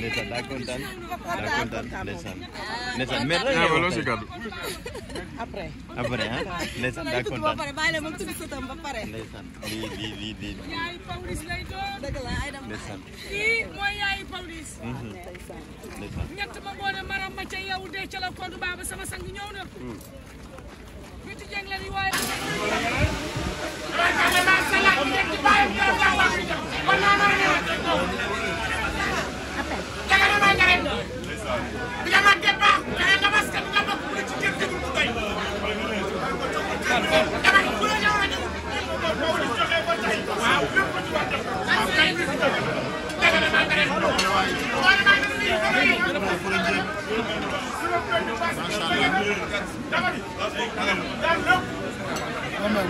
ndeysaan daa kontaan daa kontaan ndeysaan ndeysaan mais ren yow loo si gàddu. après après ah ndeysaan daa kontaan ndeysaan lii lii lii lii ndeysaan. kii mooy yaayu e Pawlish. ndeysaan ñett ma boole maram ma ca yow de ca la kontu baaba sama sang ñëw na. biti mm. jàng la ni waaye.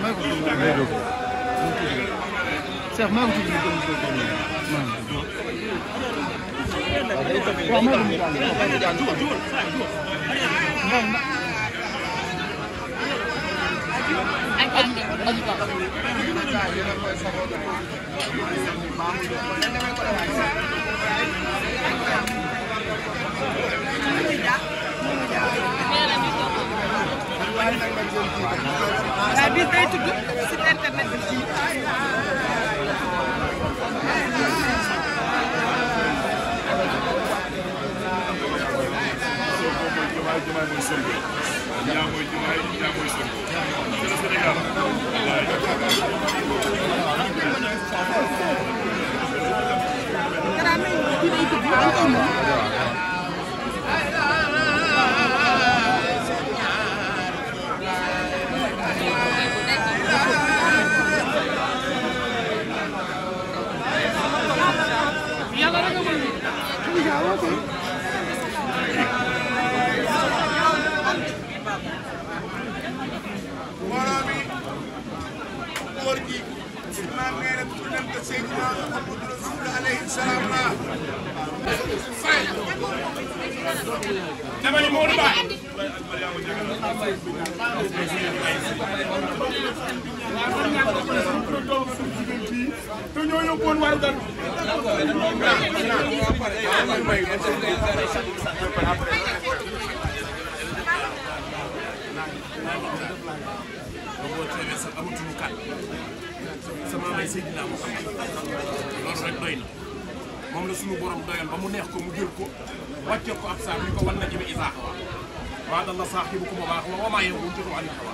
maa ko tudd Cheikh maa ko tudd waaw maa ko tudd waaw waaw bis day tudd si internet bi. jumaay mooy sorgho yaa mooy jumaay yaa mooy sorgho Yeah, okay. Morning. imaam nee na tuddam ko Seydina Muhammadu Rasul alayhi salaam la fay dama ni Modou Baye te ñoo yóbboon war gan amatunu kan jàppale Seydina Muhammad loolu rek doy na moom la suñu borom doyoon ba mu neex ko mu jël ko wàcce ko ab saar ni ko wan na jëme isaaxa waa dal na saaxibukum baax wa wa maa yantiqu anil hawa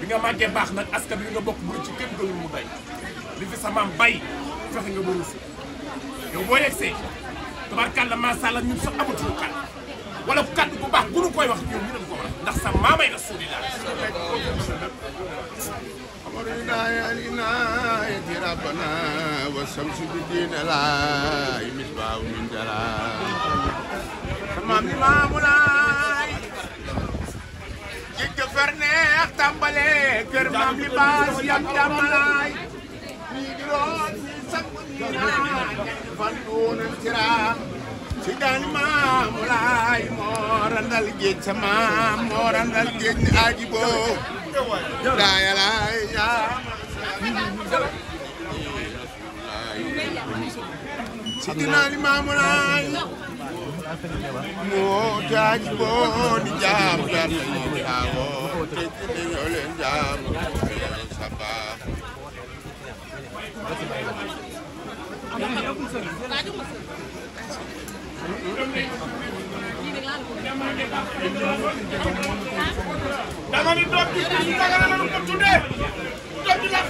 bi nga màggee baax nag askan bi nga bokk bu ci képp gënul mu day li fi sa maam bay fexe nga ba ruus yow boo yegsee tabarkàlla macha allah ñun sax amatuñu kàddu wala kàddu bu baax bu nu koy wax ñun ñu dem ko wax ndax sa maamay rasulillah قمر هدايا العناية ربنا والشمس بالدين لا مصباح من دلال تمام إمامنا جد فرنيخ تمبلي كر مام لباس يم تملاي ميجرون سمونينا فنون الكرام سيدان مام مولاي مورندال جيت سمام مورندال جيت أجيبو sidina Limaamu Laay moo taaj boo di jaam dara yi xaawoo te ci ñoo leen jaam sa baax Thank you. dama ni doom bi bisu Dagana la ñu ko tuddee doom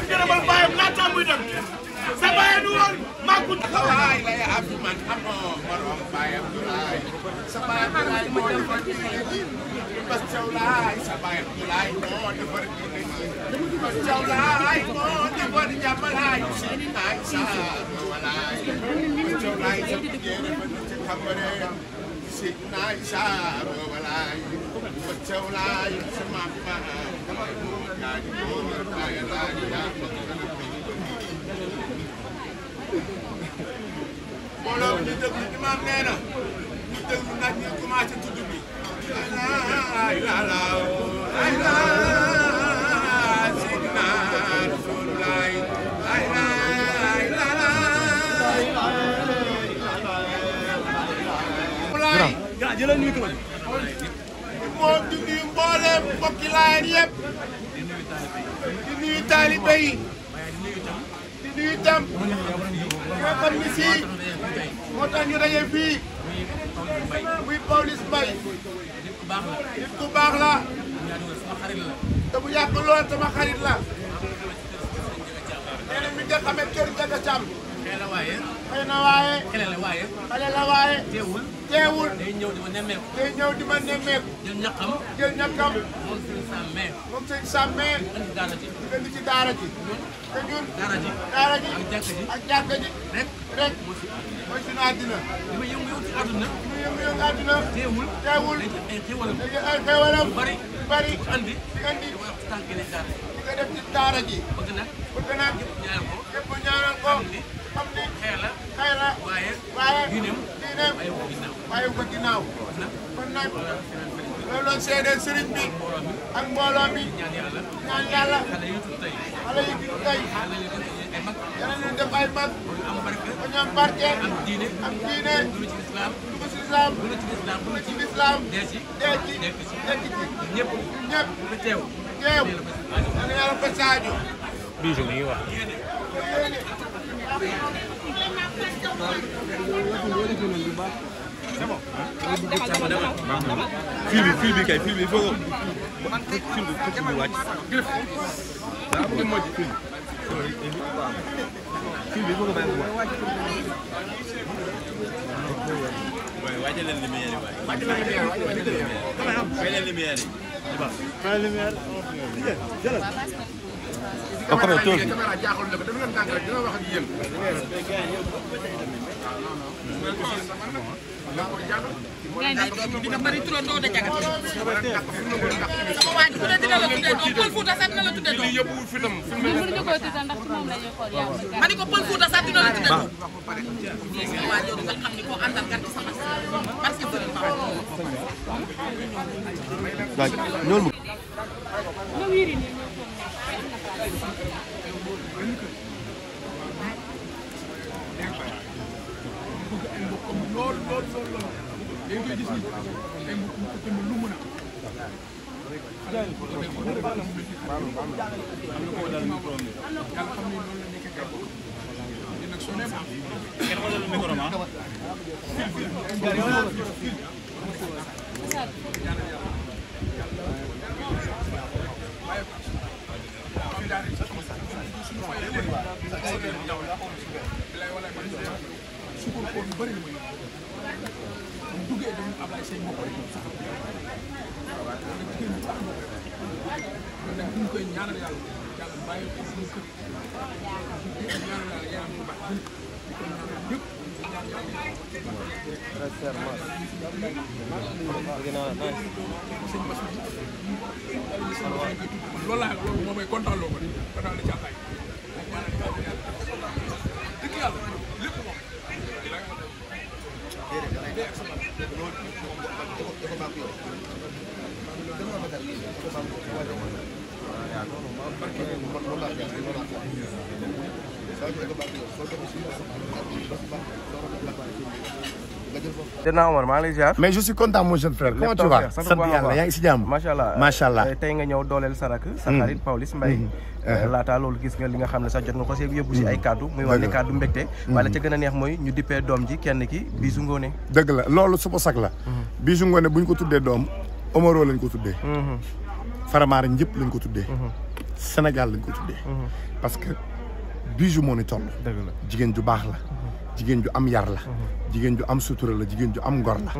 walaay bas caw laay sa jigéen walaay mbooloo ñu déglu imaam nee na ñu déglu nag ñu commencé tudd bi ay la la ay la Seydina Rasulullaay ay la ay la la ay la la moom di nuyu mbooleem mbokki laayeen yëpp di nuyu taalibe di nuyu tam nga xam ni si moo tax ñu daje fii muy Pawlish Mbaye nit ku baax la te bu yàgg lool sama xarit la nee na mi nga xamee kër Jaga xale la waaye. xale la waaye. xale la waaye. xale la waaye. teewul. teewul. day ñëw di ma nemmeeku. day ñëw di ma nemmeeku. jël ñaqam. jël ñaqam. moom sëñ Sàmmee. moom sëñ Sàmmee. indi daara ji. indi ci daara ji. te ñun. daara ji. daara ji ak jàkka ji. ak jàkka ji. rek. rek mooy suñu àddina. li ma yëngu-yëngu ci àdduna. li ma yëngu-yëngu ci àdduna. teewul. teewul. dañuy ay xewalam. dañuy ay xewalam. bari. bari. andi. andi. di ko def ci daara ji. bëgg nag. bëgg nag. ñëpp ñaanal ko. ñaanal ko. xam ne xeer la xeer la waaye waaye diineem diineem bàyyi ko ginnaaw kon nag loolu la seedee sëriñ bi ak mbooloo bi ñaan yàlla xale yu tudd tey xale yu tudd tey yàlla leen def ay mag ba ñu am barke am diine am diine dugg ci lislaam dugg ci lislaam dugg ci lislaam dee ci dee ci nekk ci ñëpp ñëpp ba teew teew yàlla ba saaju bisu mi ngi wax fil bi fil bi kay fil bi foofu fil bi fil bi wàcc daa bëgg mojj fil bi fil bi foofu bàyyi ko wàcc waaye waajal leen lumière yi waaye waajal leen lumière yi waajal leen lumière yi ba pare tool bi caméra jaaxul na ko def leen tànk rek dina wax ak yéen. dina bëri turandoo da jagat. waaw ku ne dina la tuddee doom Pël Fuuta sax dina la tuddee doom. mënuñu ko tuddee ndax moom la ñuy xool yaa ngi ma ni ko Pël Fuuta sax dina la tuddee doom. waa jooju nga xam ne koo àndal gàtt sama parce que lool lool lool lool dañ koy gis nii ay mbokk mu ëpp lu mën a. yàlla xam ne loolu la nekk gàpp. nag soo nekk. kenn wala lu micro ma. woon lu bëri lu muy bu duggee dañu Ablaye Seye moo koy sax jigéen bu baax moo koy nag ñu koy ñaanal yàlla yàlla bàyyi ko suñu kër di ñaanal yàlla yaram bu baax di ko ñaanal ñëpp loolu laa loolu moo may kontaan loo ko de kontaan la ci Ablaye Seydina Omar maa ngi lay ziar. mais je suis content mon jeune frère. comment tu yàlla yaa si jàmm. macha allah macha allah eh, tey nga ñëw dooleel sarak. sa hmm. xarit Pawlish Mbaye. Hmm. Eh, eh. laataa loolu gis nga li nga xam ne sax jot nga ko see yóbbu si hmm. ay kaddu. muy wax ne kaddu mbégte. wala ca gën a neex mooy ñu dippee doom ji kenn ki Bijou ngoone dëgg la loolu suba sax la. Bijou Ngoné bu ko tuddee doom Omaro lañ ko tuddee. Faramaare ñëpp lañ ko tuddee. Sénégal lañ ko tuddee. Mhm. parce que bijou moo ni toll. jigéen ju baax la. Mhm. jigéen ju am yar la. Mhm. jigéen ju am sutura la jigéen ju am ngor la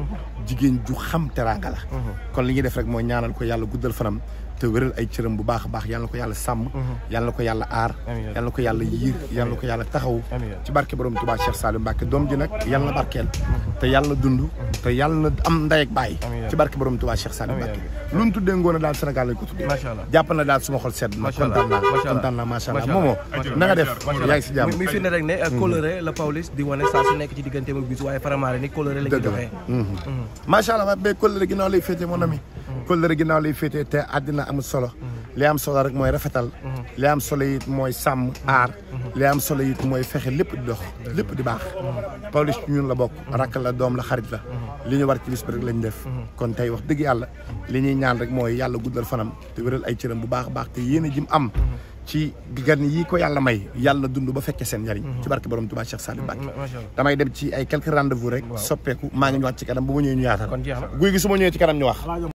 jigéen ju xam teraanga la kon li ñuy def rek mooy ñaanal ko yàlla guddal fanam te wéral ay cëram bu baax a baax yàlla ko yàlla sàmm yàlla ko yàlla aar yàlla ko yàlla yiir yàlla ko yàlla taxaw ci barke borom Tuubaa Cheikh Saliou Mbacke doom ji nag yàlla barkeel te yàlla dund te yàlla am ndey ak baay ci barke borom Tuubaa Cheikh Saliou Mbacke lu tuddee ngoon a daal Sénégal lañ ko tuddee na daal suma xol sedd waaye Faramare ni kóllëre la ñuy doxee. Mhm. Mhm. macha allah mais kóllëre ginnaaw lay féetee mon ami. Mhm. kóllëre ginnaaw lay féetee te àddina amul solo. li am solo rek mooy rafetal. li am solo it mooy sàmm aar. li am solo it mooy fexe lépp di dox lépp di baax. Pawlish ñun la bokk. rakk la doom la xarit la. li ñu war ci bis bi lañ def. kon tey wax dëgg yàlla li ñuy ñaan rek mooy yàlla guddal fanam te wéral ay cëram bu baax baax te yéen a am. ci gan yi ko yàlla may yàlla dund ba fekkee seen njariñ mhm. ci barke borom Tuubaa Cheikh Saliou Mbacké damay dem ci ay quelques rendez rek soppeeku maa ngi ñëwaat ci kanam bu ma ñëwee ñu yaatal guy gi su ma ñëwee ci kanam ñu wax